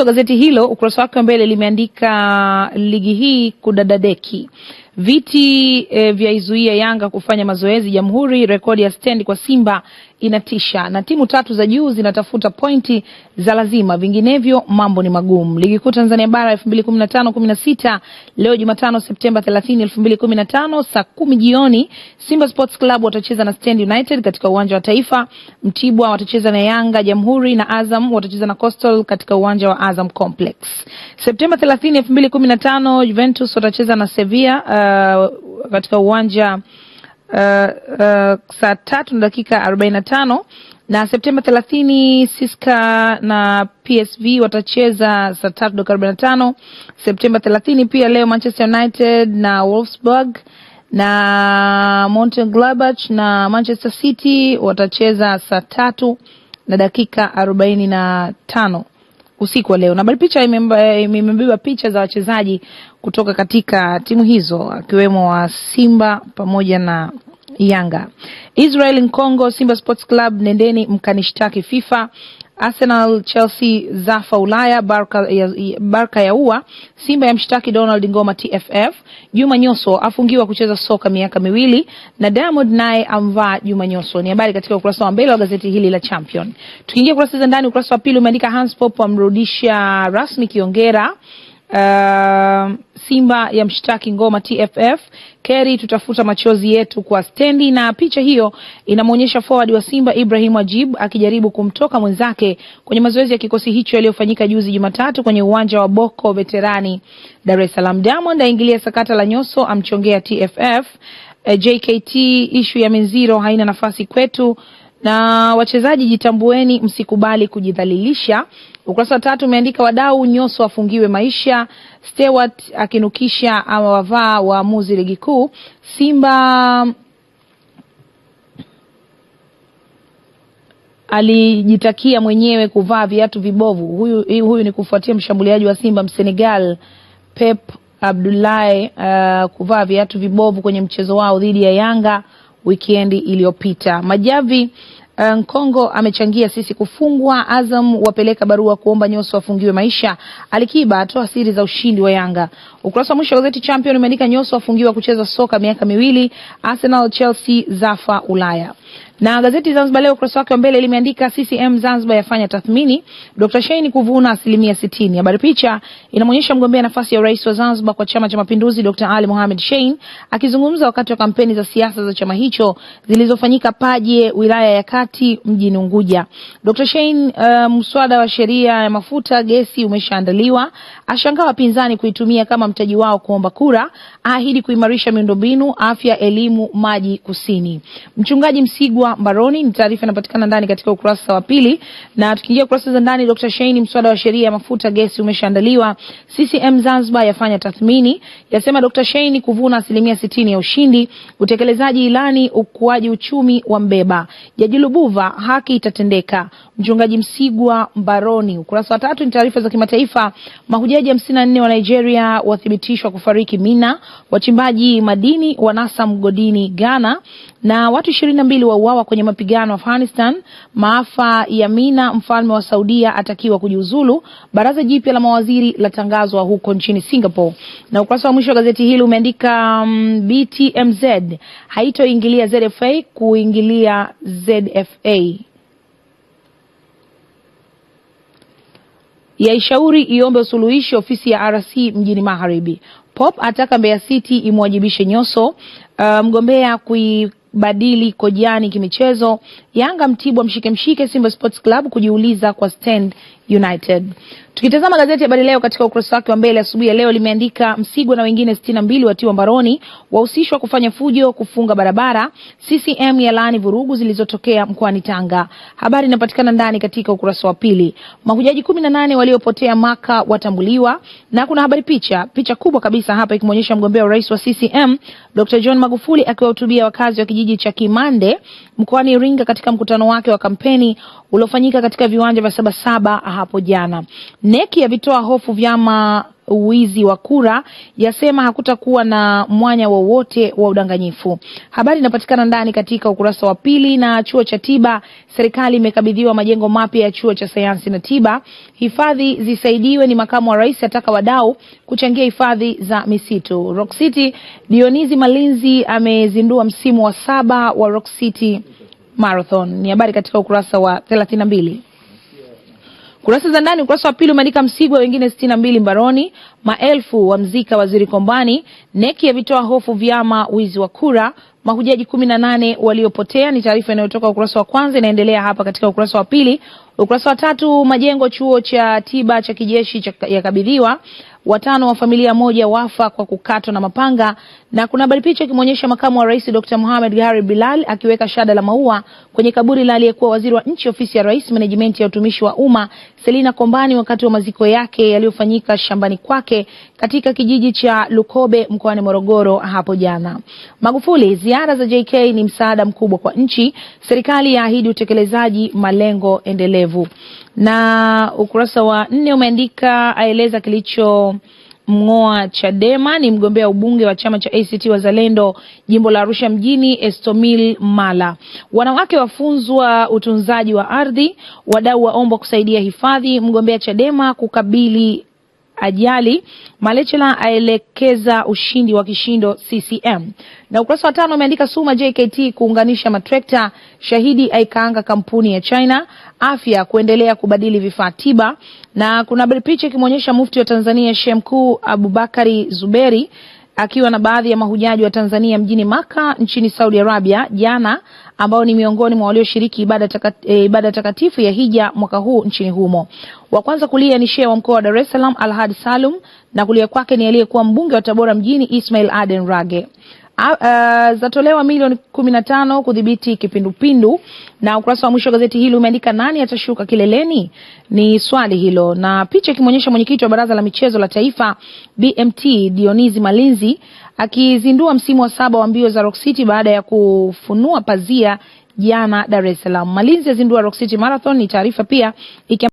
wa gazeti hilo ukurasa wake wa mbele limeandika ligi hii kudadadeki, viti e, vya izuia Yanga kufanya mazoezi Jamhuri, rekodi ya stendi kwa Simba inatisha na timu tatu za juu zinatafuta pointi za lazima, vinginevyo mambo ni magumu. Ligi Kuu Tanzania Bara 2015-16 leo Jumatano Septemba 30, 2015 saa kumi jioni Simba Sports Club watacheza na Stand United katika uwanja wa Taifa. Mtibwa watacheza na Yanga, Jamhuri na Azam watacheza na Coastal katika uwanja wa Azam Complex. Septemba 30, 2015 Juventus watacheza na Sevilla uh, katika uwanja uh, uh, saa tatu na dakika arobaini na tano na Septemba thelathini Siska na PSV watacheza saa tatu dakika arobaini na tano Septemba thelathini pia leo Manchester United na Wolfsburg na glabach na Manchester City watacheza saa tatu na dakika arobaini na tano usiku wa leo. na bali picha imebeba picha za wachezaji kutoka katika timu hizo akiwemo wa Simba pamoja na Yanga. Israel Nkongo, Simba Sports Club, nendeni mkanishtaki FIFA. Arsenal, Chelsea zafa Ulaya, Barca ya, Barca ya ua Simba ya mshtaki Donald Ngoma TFF, Juma Nyoso afungiwa kucheza soka miaka miwili na Diamond naye amvaa Juma Nyoso. Ni habari katika ukurasa wa mbele wa gazeti hili la Champion. Tukiingia kurasa za ndani, ukurasa wa pili umeandika Hans Pop amrudisha rasmi Kiongera Uh, Simba ya mshtaki ngoma TFF Keri tutafuta machozi yetu kwa stendi, na picha hiyo inamwonyesha forward wa Simba Ibrahim Ajib akijaribu kumtoka mwenzake kwenye mazoezi ya kikosi hicho yaliyofanyika juzi Jumatatu kwenye uwanja wa Boko Veterani Dar es Salaam. Diamond aingilia sakata la Nyoso amchongea TFF. Eh, JKT, ishu ya minziro haina nafasi kwetu. Na wachezaji jitambueni, msikubali kujidhalilisha. Ukurasa wa tatu umeandika wadau Nyoso afungiwe maisha, Stewart akinukisha ama wavaa waamuzi ligi kuu, Simba alijitakia mwenyewe kuvaa viatu vibovu. Huyu, huyu ni kufuatia mshambuliaji wa Simba Msenegal Pep abdulahi uh, kuvaa viatu vibovu kwenye mchezo wao dhidi ya Yanga wikendi iliyopita. Majavi Eh, Nkongo amechangia sisi kufungwa. Azam wapeleka barua kuomba Nyoso afungiwe maisha. Alikiba atoa siri za ushindi wa Yanga. Ukurasa wa mwisho wa gazeti Champion umeandika Nyoso afungiwa kucheza soka miaka miwili. Arsenal, Chelsea zafa Ulaya na gazeti Zanzibar Leo ukurasa wake wa mbele limeandika CCM Zanzibar yafanya tathmini, Dr. Shein kuvuna asilimia sitini. Habari picha inamwonyesha mgombea nafasi ya urais wa Zanzibar kwa Chama cha Mapinduzi Dr. Ali Mohamed Shein akizungumza wakati wa kampeni za siasa za chama hicho zilizofanyika Paje wilaya ya Kati kati mjini Unguja. Dr. Shein, uh, mswada wa sheria ya mafuta gesi umeshaandaliwa. Ashangaa wapinzani kuitumia kama mtaji wao kuomba kura, ahidi kuimarisha miundombinu, afya, elimu, maji kusini. Mchungaji Msigwa Mbaroni, ni taarifa inapatikana ndani katika ukurasa wa pili, na tukiingia kurasa za ndani, Dr. Shein, mswada wa sheria ya mafuta gesi umeshaandaliwa. CCM Zanzibar yafanya tathmini, yasema Dr. Shein kuvuna asilimia sitini ya ushindi, utekelezaji ilani, ukuaji uchumi wa mbeba. jajilu Buva, haki itatendeka. Mchungaji Msigwa mbaroni. Ukurasa wa tatu ni taarifa za kimataifa. Mahujaji hamsini na nne wa Nigeria wathibitishwa kufariki Mina. Wachimbaji madini wanasa mgodini Ghana, na watu ishirini na mbili wauawa kwenye mapigano Afghanistan. Maafa ya Mina. Mfalme wa Saudia atakiwa kujiuzulu. Baraza jipya la mawaziri latangazwa huko nchini Singapore. Na ukurasa wa mwisho wa gazeti hili umeandika um, mm, BTMZ haitoingilia ZFA kuingilia ZFA. TFA yaishauri iombe usuluhishi ofisi ya RC mjini Magharibi. Pop ataka Mbeya City imwajibishe Nyoso. Uh, mgombea kuibadili Kojani kimichezo. Yanga Mtibwa mshike mshike. Simba Sports Club kujiuliza kwa stand United. Tukitazama gazeti Habari Leo katika ukurasa wake wa mbele asubuhi ya leo limeandika Msigwa na wengine sitini na mbili watiwa mbaroni, wahusishwa kufanya fujo, kufunga barabara. CCM yalaani vurugu zilizotokea mkoani Tanga. Habari inapatikana ndani katika ukurasa wa pili. Mahujaji kumi na nane waliopotea Maka watambuliwa, na kuna habari picha, picha kubwa kabisa hapa ikimwonyesha mgombea wa rais wa CCM Dr. John Magufuli akiwahutubia wakazi wa kijiji cha Kimande mkoani Iringa katika mkutano wake wa kampeni uliofanyika katika viwanja vya Sabasaba hapo jana. neki yavitoa hofu vyama wizi wa kura, yasema hakutakuwa na mwanya wowote wa, wa udanganyifu. Habari inapatikana ndani katika ukurasa wa pili. Na chuo cha tiba, serikali imekabidhiwa majengo mapya ya chuo cha sayansi na tiba. Hifadhi zisaidiwe, ni makamu wa rais ataka wadau kuchangia hifadhi za misitu. Rock City, Dionizi Malinzi amezindua msimu wa saba wa Rock City Marathon ni habari katika ukurasa wa 32 Kurasa za ndani, ukurasa wa pili umeandika Msigwa wengine 62 na mbaroni, maelfu wamzika waziri Kombani, neki yavitoa hofu vyama wizi wa kura, mahujaji kumi na nane waliopotea ni taarifa inayotoka ukurasa wa kwanza, inaendelea hapa katika ukurasa wa pili. Ukurasa wa tatu, majengo chuo cha tiba cha kijeshi yakabidhiwa. Watano wa familia moja wafa kwa kukatwa na mapanga, na kuna habari picha ikimwonyesha makamu wa rais Dr. Mohamed Gharib Bilal akiweka shada la maua kwenye kaburi la aliyekuwa waziri wa nchi ofisi ya rais menejimenti ya utumishi wa umma Selina Kombani wakati wa maziko yake yaliyofanyika shambani kwake katika kijiji cha Lukobe mkoani Morogoro hapo jana. Magufuli Ziara za JK ni msaada mkubwa kwa nchi. Serikali yaahidi utekelezaji malengo endelevu. Na ukurasa wa nne umeandika aeleza kilicho mng'oa Chadema ni mgombea ubunge wa chama cha ACT Wazalendo jimbo la Arusha mjini Estomil Mala. Wanawake wafunzwa utunzaji wa ardhi, wadau waombwa kusaidia hifadhi, mgombea Chadema kukabili ajali. malechela aelekeza ushindi wa kishindo CCM. Na ukurasa wa tano umeandika SUMA JKT kuunganisha matrekta, shahidi aikaanga kampuni ya China, afya kuendelea kubadili vifaa tiba, na kuna picha ikimwonyesha mufti wa Tanzania Sheikh Mkuu Abubakari Zuberi akiwa na baadhi ya mahujaji wa Tanzania mjini Maka nchini Saudi Arabia jana, ambao ni miongoni mwa walioshiriki ibada takatifu, e, ibada takatifu ya hija mwaka huu nchini humo. Wa kwanza kulia ni shehe wa mkoa wa Dar es Salaam Alhad Salum, na kulia kwake ni aliyekuwa mbunge wa Tabora mjini Ismail Aden Rage uh, zatolewa milioni kumi na tano kudhibiti kipindupindu. Na ukurasa wa mwisho wa gazeti hili umeandika nani atashuka kileleni, ni swali hilo, na picha ikimwonyesha mwenyekiti wa baraza la michezo la taifa BMT Dionizi Malinzi akizindua msimu wa saba wa mbio za Rock City baada ya kufunua pazia jana Dar es Salaam. Malinzi azindua Rock City Marathon ni taarifa pia iki